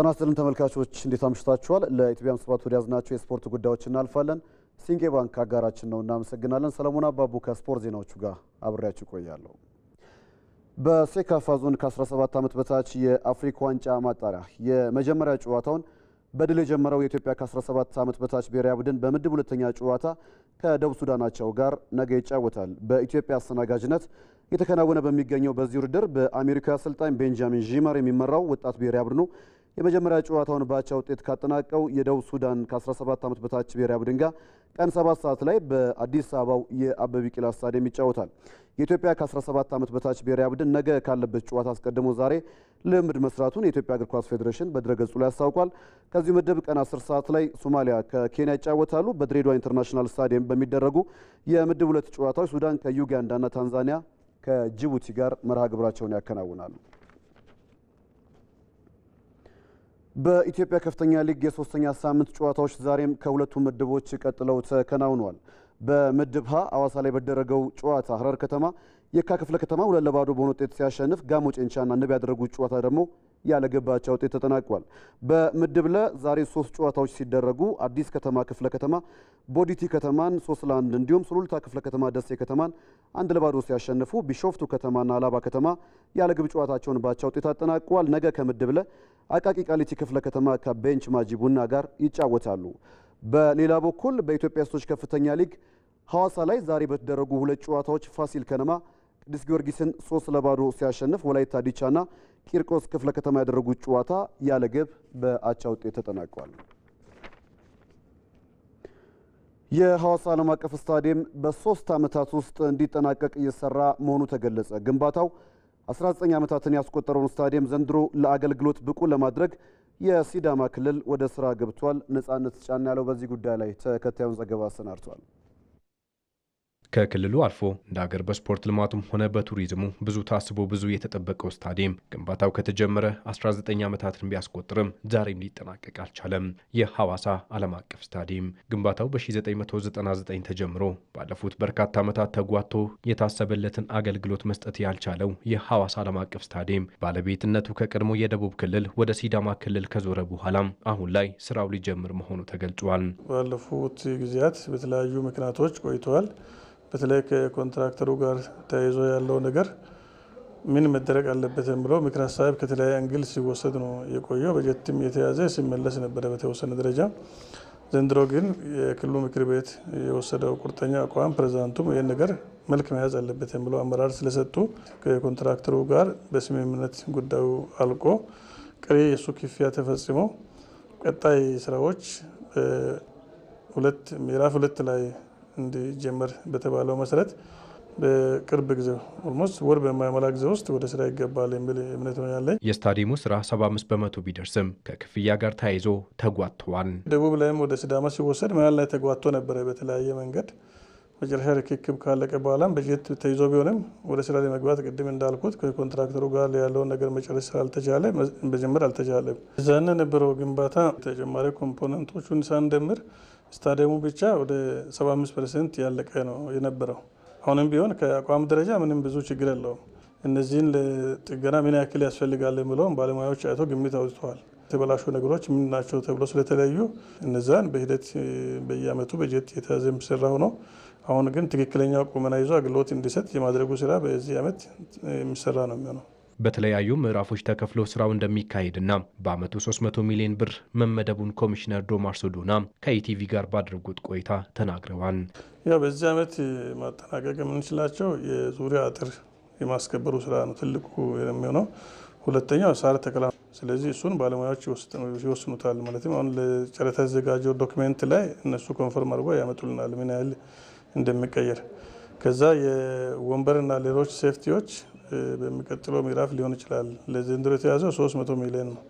ጤና ይስጥልን ተመልካቾች እንዴት አምሽታችኋል? ለኢትዮጵያም ስፖርት ወደ ያዝናቸው የስፖርት ጉዳዮች እናልፋለን። ሲንቄ ባንክ አጋራችን ነው፣ እናመሰግናለን። ሰለሞን አባቡ ከስፖርት ዜናዎቹ ጋር አብሬያችሁ ቆያለሁ። በሴካፋ ዞን ከ17 ዓመት በታች የአፍሪካ ዋንጫ ማጣሪያ የመጀመሪያ ጨዋታውን በድል የጀመረው የኢትዮጵያ ከ17 ዓመት በታች ብሔራዊ ቡድን በምድብ ሁለተኛ ጨዋታ ከደቡብ ሱዳናቸው ጋር ነገ ይጫወታል። በኢትዮጵያ አስተናጋጅነት የተከናወነ በሚገኘው በዚህ ውድድር በአሜሪካ አሰልጣኝ ቤንጃሚን ዢመር የሚመራው ወጣት ብሔራዊ ቡድኑ የመጀመሪያ ጨዋታውን በአቻ ውጤት ካጠናቀው የደቡብ ሱዳን ከ17 ዓመት በታች ብሔራዊ ቡድን ጋር ቀን 7 ሰዓት ላይ በአዲስ አበባው የአበበ ቢቂላ ስታዲየም ይጫወታል። የኢትዮጵያ ከ17 ዓመት በታች ብሔራዊ ቡድን ነገ ካለበት ጨዋታ አስቀድሞ ዛሬ ልምድ መስራቱን የኢትዮጵያ እግር ኳስ ፌዴሬሽን በድረገጹ ላይ አስታውቋል። ከዚሁ ምድብ ቀን 10 ሰዓት ላይ ሶማሊያ ከኬንያ ይጫወታሉ። በድሬዳዋ ኢንተርናሽናል ስታዲየም በሚደረጉ የምድብ ሁለት ጨዋታዎች ሱዳን ከዩጋንዳና ታንዛኒያ ከጅቡቲ ጋር መርሃ ግብራቸውን ያከናውናሉ። በኢትዮጵያ ከፍተኛ ሊግ የሶስተኛ ሳምንት ጨዋታዎች ዛሬም ከሁለቱ ምድቦች ቀጥለው ተከናውኗል። በምድብ ሀ አዋሳ ላይ በደረገው ጨዋታ ሀረር ከተማ የካ ክፍለ ከተማ ሁለት ለባዶ በሆነ ውጤት ሲያሸንፍ፣ ጋሞ ጨንቻና ንብ ያደረጉት ጨዋታ ደግሞ ያለገባቸው ውጤት ተጠናቋል። በምድብ ለ ዛሬ ሶስት ጨዋታዎች ሲደረጉ አዲስ ከተማ ክፍለ ከተማ ቦዲቲ ከተማን ሶስት ለአንድ እንዲሁም ሱሉልታ ክፍለ ከተማ ደሴ ከተማን አንድ ለባዶ ሲያሸንፉ ቢሾፍቱ ከተማና አላባ ከተማ ያለግብ ጨዋታቸውን ባቻ ውጤት አጠናቀዋል። ነገ ከምድብ ለ አቃቂ ቃሊቲ ክፍለ ከተማ ከቤንች ማጂ ቡና ጋር ይጫወታሉ። በሌላ በኩል በኢትዮጵያ ሴቶች ከፍተኛ ሊግ ሐዋሳ ላይ ዛሬ በተደረጉ ሁለት ጨዋታዎች ፋሲል ከነማ ቅዱስ ጊዮርጊስን ሶስት ለባዶ ሲያሸንፍ ወላይታ ዲቻና ቂርቆስ ክፍለ ከተማ ያደረጉት ጨዋታ ያለ ግብ በአቻ ውጤት ተጠናቋል። የሐዋሳ ዓለም አቀፍ ስታዲየም በሶስት ዓመታት ውስጥ እንዲጠናቀቅ እየሰራ መሆኑ ተገለጸ። ግንባታው 19 ዓመታትን ያስቆጠረውን ስታዲየም ዘንድሮ ለአገልግሎት ብቁ ለማድረግ የሲዳማ ክልል ወደ ስራ ገብቷል። ነጻነት ጫና ያለው በዚህ ጉዳይ ላይ ተከታዩን ዘገባ አሰናድቷል። ከክልሉ አልፎ እንደ ሀገር በስፖርት ልማቱም ሆነ በቱሪዝሙ ብዙ ታስቦ ብዙ የተጠበቀው ስታዲየም ግንባታው ከተጀመረ 19 ዓመታትን ቢያስቆጥርም ዛሬም ሊጠናቀቅ አልቻለም። የሐዋሳ ዓለም አቀፍ ስታዲየም ግንባታው በ1999 ተጀምሮ ባለፉት በርካታ ዓመታት ተጓቶ የታሰበለትን አገልግሎት መስጠት ያልቻለው የሐዋሳ ዓለም አቀፍ ስታዲየም ባለቤትነቱ ከቀድሞ የደቡብ ክልል ወደ ሲዳማ ክልል ከዞረ በኋላም አሁን ላይ ስራው ሊጀምር መሆኑ ተገልጿል። ባለፉት ጊዜያት በተለያዩ ምክንያቶች ቆይተዋል። በተለይ ከኮንትራክተሩ ጋር ተያይዞ ያለው ነገር ምን መደረግ አለበት የሚለው ምክር ሀሳብ ከተለያየ አንግል ሲወሰድ ነው የቆየው። በጀትም የተያዘ ሲመለስ ነበረ በተወሰነ ደረጃ። ዘንድሮ ግን የክልሉ ምክር ቤት የወሰደው ቁርጠኛ አቋም ፕሬዚዳንቱም ይህን ነገር መልክ መያዝ አለበት የሚለው አመራር ስለሰጡ ከኮንትራክተሩ ጋር በስምምነት ጉዳዩ አልቆ ቀሪ የእሱ ክፍያ ተፈጽሞ ቀጣይ ስራዎች ሁለት ምዕራፍ ሁለት ላይ እንዲጀመር በተባለው መሰረት በቅርብ ጊዜ ኦልሞስት ወር በማይሞላ ጊዜ ውስጥ ወደ ስራ ይገባል የሚል እምነት ነው ያለኝ። የስታዲየሙ ስራ 75 በመቶ ቢደርስም ከክፍያ ጋር ተያይዞ ተጓትተዋል። ደቡብ ላይም ወደ ሲዳማ ሲወሰድ መሀል ላይ ተጓቶ ነበረ በተለያየ መንገድ። መጨረሻ ርክክብ ካለቀ በኋላም በጀት ተይዞ ቢሆንም ወደ ስራ ለመግባት ቅድም እንዳልኩት ከኮንትራክተሩ ጋር ያለውን ነገር መጨረስ ስላልተቻለ መጀመር አልተቻለም። እዛና የነበረው ግንባታ ተጨማሪ ኮምፖነንቶቹን ሳንደምር ስታዲየሙ ብቻ ወደ 75 ፐርሰንት ያለቀ ነው የነበረው። አሁንም ቢሆን ከአቋም ደረጃ ምንም ብዙ ችግር የለውም። እነዚህን ለጥገና ምን ያክል ያስፈልጋል የሚለውን ባለሙያዎች አይቶ ግምት አውጥተዋል። የተበላሹ ነገሮች ምን ናቸው ተብሎ ስለተለያዩ እነዛን በሂደት በየአመቱ በጀት የተያዘ የሚሰራ ሆኖ አሁን ግን ትክክለኛ ቁመና ይዞ አገልግሎት እንዲሰጥ የማድረጉ ስራ በዚህ አመት የሚሰራ ነው የሚሆነው። በተለያዩ ምዕራፎች ተከፍሎ ስራው እንደሚካሄድና በአመቱ 300 ሚሊዮን ብር መመደቡን ኮሚሽነር ዶማር ሶዶና ከኢቲቪ ጋር ባደረጉት ቆይታ ተናግረዋል። ያው በዚህ አመት ማጠናቀቅ የምንችላቸው የዙሪያ አጥር የማስከበሩ ስራ ነው ትልቁ የሚሆነው። ሁለተኛው ሳር ተከላ። ስለዚህ እሱን ባለሙያዎች ይወስኑታል። ማለትም አሁን ለጨረታ የተዘጋጀው ዶክሜንት ላይ እነሱ ኮንፈርም አድርጎ ያመጡልናል ምን ያህል እንደሚቀየር። ከዛ የወንበርና ሌሎች ሴፍቲዎች በሚቀጥለው ምዕራፍ ሊሆን ይችላል። ለዘንድሮ የተያዘው 300 ሚሊዮን ነው።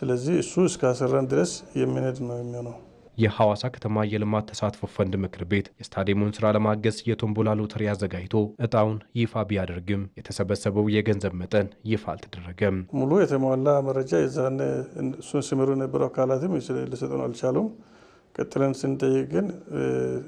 ስለዚህ እሱ እስከ አስራን ድረስ የሚነድ ነው የሚሆነው። የሐዋሳ ከተማ የልማት ተሳትፎ ፈንድ ምክር ቤት የስታዲየሙን ስራ ለማገዝ የቶምቦላ ሎተሪ አዘጋጅቶ እጣውን ይፋ ቢያደርግም የተሰበሰበው የገንዘብ መጠን ይፋ አልተደረገም። ሙሉ የተሟላ መረጃ የዛን እሱን ስምሩ የነበረው አካላትም ሊሰጡን አልቻሉም። ቀጥለን ስንጠይቅ ግን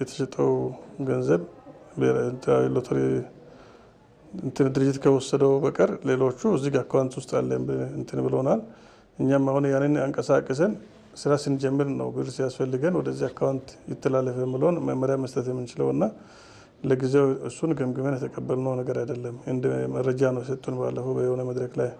የተሸጠው ገንዘብ ሎተሪ እንትን ድርጅት ከወሰደው በቀር ሌሎቹ እዚህ ጋር አካውንት ውስጥ አለ እንትን ብሎናል። እኛም አሁን ያንን አንቀሳቅሰን ስራ ስንጀምር ነው ብር ሲያስፈልገን ወደዚህ አካውንት ይተላለፍ የምለውን መመሪያ መስጠት የምንችለው እና ለጊዜው እሱን ገምግመን የተቀበልነው ነገር አይደለም። እንደ መረጃ ነው የሰጡን ባለፈው በየሆነ መድረክ ላይ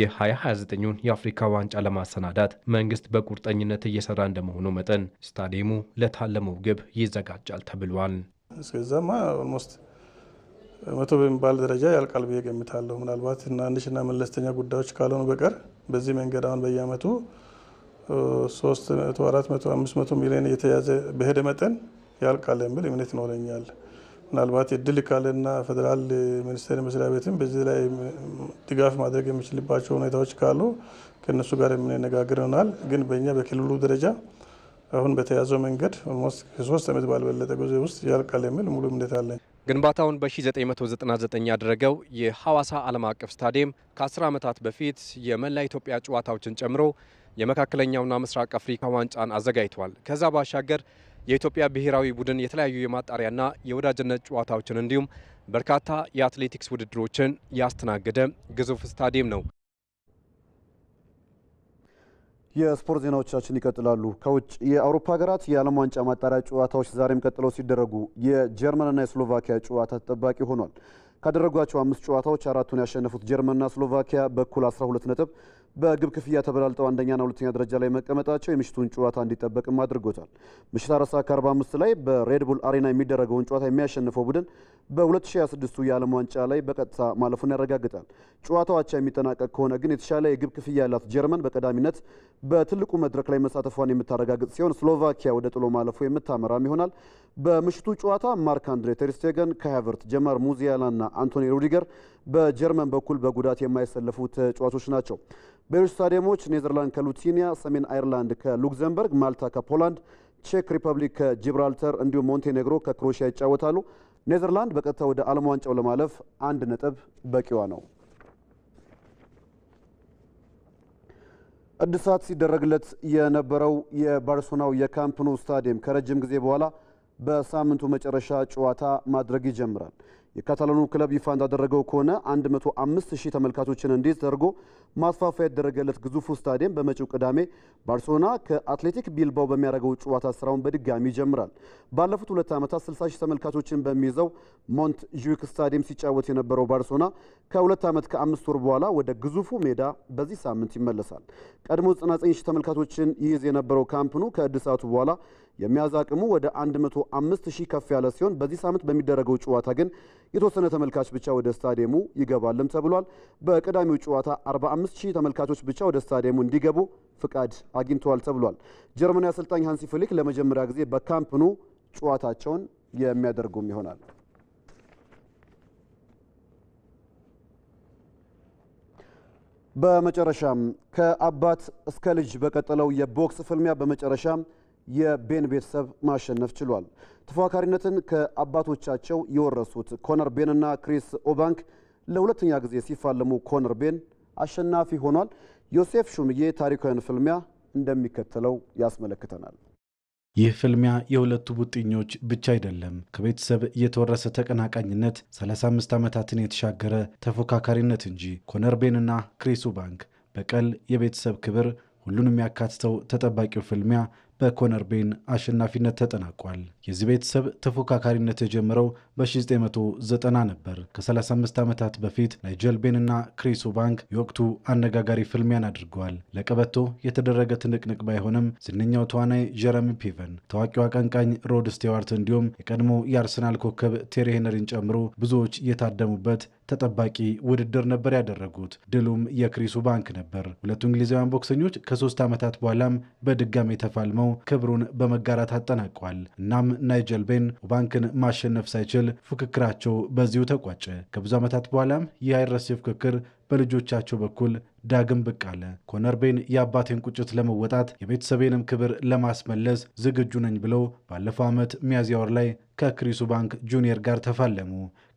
የ2029ን የአፍሪካ ዋንጫ ለማሰናዳት መንግስት በቁርጠኝነት እየሰራ እንደመሆኑ መጠን ስታዲየሙ ለታለመው ግብ ይዘጋጃል ተብሏል። እስከዛማ ኦልሞስት መቶ በሚባል ደረጃ ያልቃል ብዬ ገምታለሁ። ምናልባት ትናንሽና መለስተኛ ጉዳዮች ካልሆኑ በቀር በዚህ መንገድ አሁን በየአመቱ ሶስት መቶ አራት መቶ አምስት መቶ ሚሊዮን እየተያዘ በሄደ መጠን ያልቃል የሚል እምነት ይኖረኛል። ምናልባት እድል ካለና ፌዴራል ሚኒስቴር መስሪያ ቤትም በዚህ ላይ ድጋፍ ማድረግ የሚችልባቸው ሁኔታዎች ካሉ ከእነሱ ጋር የምንነጋገር ይሆናል። ግን በእኛ በክልሉ ደረጃ አሁን በተያዘው መንገድ ሶስት አመት ባልበለጠ ጊዜ ውስጥ ያልቃል የሚል ሙሉ እምነት አለኝ። ግንባታውን በ1999 ያደረገው የሐዋሳ ዓለም አቀፍ ስታዲየም ከ10 ዓመታት በፊት የመላ ኢትዮጵያ ጨዋታዎችን ጨምሮ የመካከለኛውና ምስራቅ አፍሪካ ዋንጫን አዘጋጅቷል። ከዛ ባሻገር የኢትዮጵያ ብሔራዊ ቡድን የተለያዩ የማጣሪያና የወዳጅነት ጨዋታዎችን እንዲሁም በርካታ የአትሌቲክስ ውድድሮችን ያስተናገደ ግዙፍ ስታዲየም ነው። የስፖርት ዜናዎቻችን ይቀጥላሉ። ከውጭ የአውሮፓ ሀገራት የዓለም ዋንጫ ማጣሪያ ጨዋታዎች ዛሬም ቀጥለው ሲደረጉ የጀርመንና የስሎቫኪያ ጨዋታ ተጠባቂ ሆኗል። ካደረጓቸው አምስት ጨዋታዎች አራቱን ያሸነፉት ጀርመንና ስሎቫኪያ በኩል 12 ነጥብ በግብ ክፍያ ተበላልጠው አንደኛና ሁለተኛ ደረጃ ላይ መቀመጣቸው የምሽቱን ጨዋታ እንዲጠበቅም አድርጎታል። ምሽት አረሳ ከ45 ላይ በሬድቡል አሬና የሚደረገውን ጨዋታ የሚያሸንፈው ቡድን በ 2026 የዓለም ዋንጫ ላይ በቀጥታ ማለፉን ያረጋግጣል። ጨዋታው አቻ የሚጠናቀቅ ከሆነ ግን የተሻለ የግብ ክፍያ ያላት ጀርመን በቀዳሚነት በትልቁ መድረክ ላይ መሳተፏን የምታረጋግጥ ሲሆን ስሎቫኪያ ወደ ጥሎ ማለፉ የምታመራም ይሆናል። በምሽቱ ጨዋታ ማርክ አንድሬ ተርስቴገን፣ ካይ ጀማር ሙዚያላ ና አንቶኒ ሩዲገር በጀርመን በኩል በጉዳት የማይሰለፉ ተጫዋቾች ናቸው። በሌሎች ስታዲየሞች ኔዘርላንድ ከሉቲኒያ፣ ሰሜን አይርላንድ ከሉክዘምበርግ፣ ማልታ ከፖላንድ፣ ቼክ ሪፐብሊክ ከጂብራልተር እንዲሁም ሞንቴኔግሮ ከክሮሽያ ይጫወታሉ። ኔዘርላንድ በቀጥታ ወደ ዓለም ዋንጫው ለማለፍ አንድ ነጥብ በቂዋ ነው። እድሳት ሲደረግለት የነበረው የባርሴሎናው የካምፕ ስታዲየም ከረጅም ጊዜ በኋላ በሳምንቱ መጨረሻ ጨዋታ ማድረግ ይጀምራል። የካታላኑ ክለብ ይፋ እንዳደረገው ከሆነ 105 ሺህ ተመልካቾችን እንዲይዝ ተደርጎ ማስፋፋ ያደረገለት ግዙፉ ስታዲየም በመጪው ቅዳሜ ባርሴሎና ከአትሌቲክ ቢልባው በሚያደርገው ጨዋታ ስራውን በድጋሚ ይጀምራል። ባለፉት ሁለት ዓመታት 60000 ሺህ ተመልካቾችን በሚይዘው ሞንት ጁክ ስታዲየም ሲጫወት የነበረው ባርሴሎና ከሁለት ዓመት ከአምስት ወር በኋላ ወደ ግዙፉ ሜዳ በዚህ ሳምንት ይመለሳል። ቀድሞ 99 ተመልካቾችን ይይዝ የነበረው ካምፕኑ ከእድሳቱ በኋላ የመያዝ አቅሙ ወደ 105 ሺህ ከፍ ያለ ሲሆን በዚህ ሳምንት በሚደረገው ጨዋታ ግን የተወሰነ ተመልካች ብቻ ወደ ስታዲየሙ ይገባልም ተብሏል። በቀዳሚው ጨዋታ 45 ሺህ ተመልካቾች ብቻ ወደ ስታዲየሙ እንዲገቡ ፍቃድ አግኝተዋል ተብሏል። ጀርመናዊ አሰልጣኝ ሃንሲ ፍሊክ ለመጀመሪያ ጊዜ በካምፕኑ ጨዋታቸውን የሚያደርጉም ይሆናል። በመጨረሻም ከአባት እስከ ልጅ በቀጠለው የቦክስ ፍልሚያ በመጨረሻም የቤን ቤተሰብ ማሸነፍ ችሏል። ተፎካካሪነትን ከአባቶቻቸው የወረሱት ኮነር ቤንና ክሪስ ኦባንክ ለሁለተኛ ጊዜ ሲፋለሙ ኮነር ቤን አሸናፊ ሆኗል። ዮሴፍ ሹምዬ ታሪካዊን ፍልሚያ እንደሚከተለው ያስመለክተናል። ይህ ፍልሚያ የሁለቱ ቡጥኞች ብቻ አይደለም። ከቤተሰብ የተወረሰ ተቀናቃኝነት 35 ዓመታትን የተሻገረ ተፎካካሪነት እንጂ። ኮነር ቤንና ክሪሱ ባንክ በቀል፣ የቤተሰብ ክብር ሁሉንም የሚያካትተው ተጠባቂው ፍልሚያ በኮነር ቤን አሸናፊነት ተጠናቋል። የዚህ ቤተሰብ ተፎካካሪነት የጀመረው በ1990 ነበር። ከ35 ዓመታት በፊት ናይጀል ቤንና ክሪሱ ባንክ የወቅቱ አነጋጋሪ ፍልሚያን አድርገዋል። ለቀበቶ የተደረገ ትንቅንቅ ባይሆንም ዝነኛው ተዋናይ ጀረሚ ፒቨን፣ ታዋቂው አቀንቃኝ ሮድ ስቴዋርት እንዲሁም የቀድሞ የአርሰናል ኮከብ ቴሪ ሄነሪን ጨምሮ ብዙዎች እየታደሙበት ተጠባቂ ውድድር ነበር ያደረጉት። ድሉም የክሪሱ ባንክ ነበር። ሁለቱ እንግሊዛውያን ቦክሰኞች ከሶስት ዓመታት በኋላም በድጋሜ ተፋልመው ክብሩን በመጋራት አጠናቋል። እናም ናይጀል ቤን ባንክን ማሸነፍ ሳይችል ፉክክራቸው በዚሁ ተቋጨ። ከብዙ ዓመታት በኋላም ይህ አይረሴ ፉክክር በልጆቻቸው በኩል ዳግም ብቅ አለ። ኮነር ቤን የአባቴን ቁጭት ለመወጣት የቤተሰቤንም ክብር ለማስመለስ ዝግጁ ነኝ ብለው ባለፈው ዓመት ሚያዝያ ወር ላይ ከክሪሱ ባንክ ጁኒየር ጋር ተፋለሙ።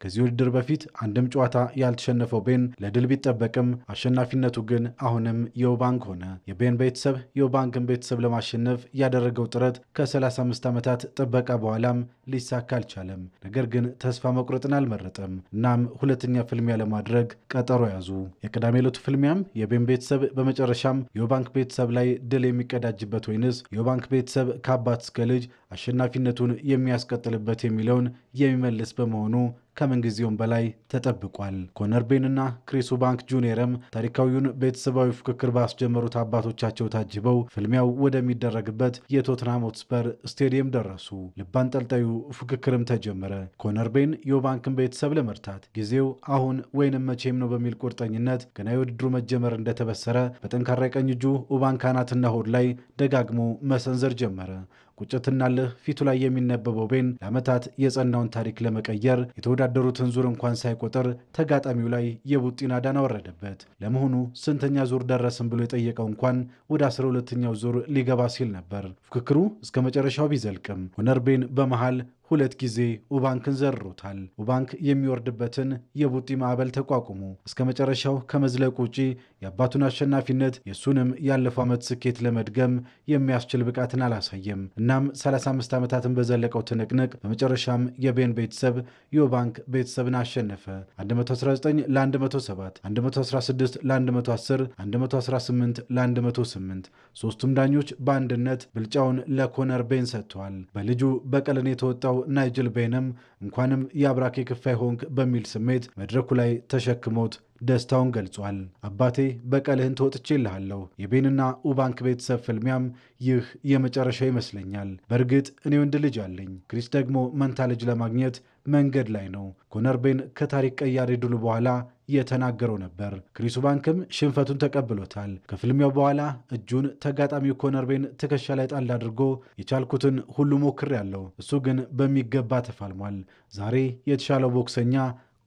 ከዚህ ውድድር በፊት አንድም ጨዋታ ያልተሸነፈው ቤን ለድል ቢጠበቅም አሸናፊነቱ ግን አሁንም የው ባንክ ሆነ። የቤን ቤተሰብ ባንክን ቤተሰብ ለማሸነፍ ያደረገው ጥረት ከ35 ዓመታት ጥበቃ በኋላም ሊሳካ አልቻለም። ነገር ግን ተስፋ መቁረጥን አልመረጠም። እናም ሁለተኛ ፍልሚያ ለማድረግ ቀጠሮ ያዙ። የቅዳሜ ዕለቱ ፍልሚያም የቤን ቤተሰብ በመጨረሻም የባንክ ቤተሰብ ላይ ድል የሚቀዳጅበት ወይንስ የባንክ ቤተሰብ ከአባት እስከ ልጅ አሸናፊነቱን የሚያስቀጥልበት የሚለውን የሚመልስ በመሆኑ ከምንጊዜውም በላይ ተጠብቋል። ኮነር ቤንና ክሪሱ ባንክ ጁኒየርም ታሪካዊውን ቤተሰባዊ ፉክክር ባስጀመሩት አባቶቻቸው ታጅበው ፍልሚያው ወደሚደረግበት የቶትናም ሆትስፐር ስቴዲየም ደረሱ። ልብ አንጠልጣዩ ፉክክርም ተጀመረ። ኮነር ቤን የባንክን ቤተሰብ ለመርታት ጊዜው አሁን ወይንም መቼም ነው በሚል ቁርጠኝነት ገና የውድድሩ መጀመር እንደተበሰረ በጠንካራ የቀኝ እጁ ኡባንክ አናትና ሆድ ላይ ደጋግሞ መሰንዘር ጀመረ። ቁጭትና ፊቱ ላይ የሚነበበው ቤን ለዓመታት የጸናውን ታሪክ ለመቀየር የተወዳደሩትን ዙር እንኳን ሳይቆጥር ተጋጣሚው ላይ የቡጢን አዳና አወረደበት። ለመሆኑ ስንተኛ ዙር ደረስን ብሎ የጠየቀው እንኳን ወደ 12ኛው ዙር ሊገባ ሲል ነበር። ፍክክሩ እስከ መጨረሻው ቢዘልቅም ሆነር ቤን በመሃል ሁለት ጊዜ ኡባንክን ዘርሮታል። ኡባንክ የሚወርድበትን የቡጢ ማዕበል ተቋቁሞ እስከ መጨረሻው ከመዝለቅ ውጪ የአባቱን አሸናፊነት የእሱንም ያለፈው ዓመት ስኬት ለመድገም የሚያስችል ብቃትን አላሳየም። እናም 35 ዓመታትን በዘለቀው ትንቅንቅ በመጨረሻም የቤን ቤተሰብ የኡባንክ ቤተሰብን አሸነፈ። 119 ለ107፣ 116 ለ110፣ 118 ለ108 ሶስቱም ዳኞች በአንድነት ብልጫውን ለኮነር ቤን ሰጥተዋል። በልጁ በቀለን የተወጣው ናይጅል ቤንም እንኳንም የአብራኬ ክፋይ ሆንክ በሚል ስሜት መድረኩ ላይ ተሸክሞት ደስታውን ገልጿል። አባቴ በቀልህን ተወጥቼ ይልሃለሁ። የቤንና ኡባንክ ቤተሰብ ፍልሚያም ይህ የመጨረሻ ይመስለኛል። በእርግጥ እኔ ወንድ ልጅ አለኝ። ክሪስ ደግሞ መንታ ልጅ ለማግኘት መንገድ ላይ ነው። ኮነር ቤን ከታሪክ ቀያሪ ድሉ በኋላ እየተናገረው ነበር። ክሪሱ ባንክም ሽንፈቱን ተቀብሎታል። ከፍልሚያው በኋላ እጁን ተጋጣሚው ኮነር ቤን ትከሻ ላይ ጣል አድርጎ የቻልኩትን ሁሉ ሞክር ያለው እሱ ግን በሚገባ ተፋልሟል። ዛሬ የተሻለው ቦክሰኛ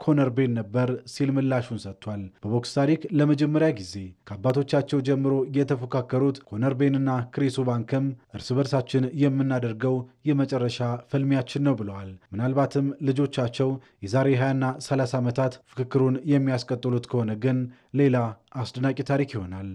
ኮነር ቤን ነበር ሲል ምላሹን ሰጥቷል። በቦክስ ታሪክ ለመጀመሪያ ጊዜ ከአባቶቻቸው ጀምሮ የተፎካከሩት ኮነር ቤንና ክሪሱ ባንክም እርስ በርሳችን የምናደርገው የመጨረሻ ፍልሚያችን ነው ብለዋል። ምናልባትም ልጆቻቸው የዛሬ 20ና 30 ዓመታት ፍክክሩን የሚያስቀጥሉት ከሆነ ግን ሌላ አስደናቂ ታሪክ ይሆናል።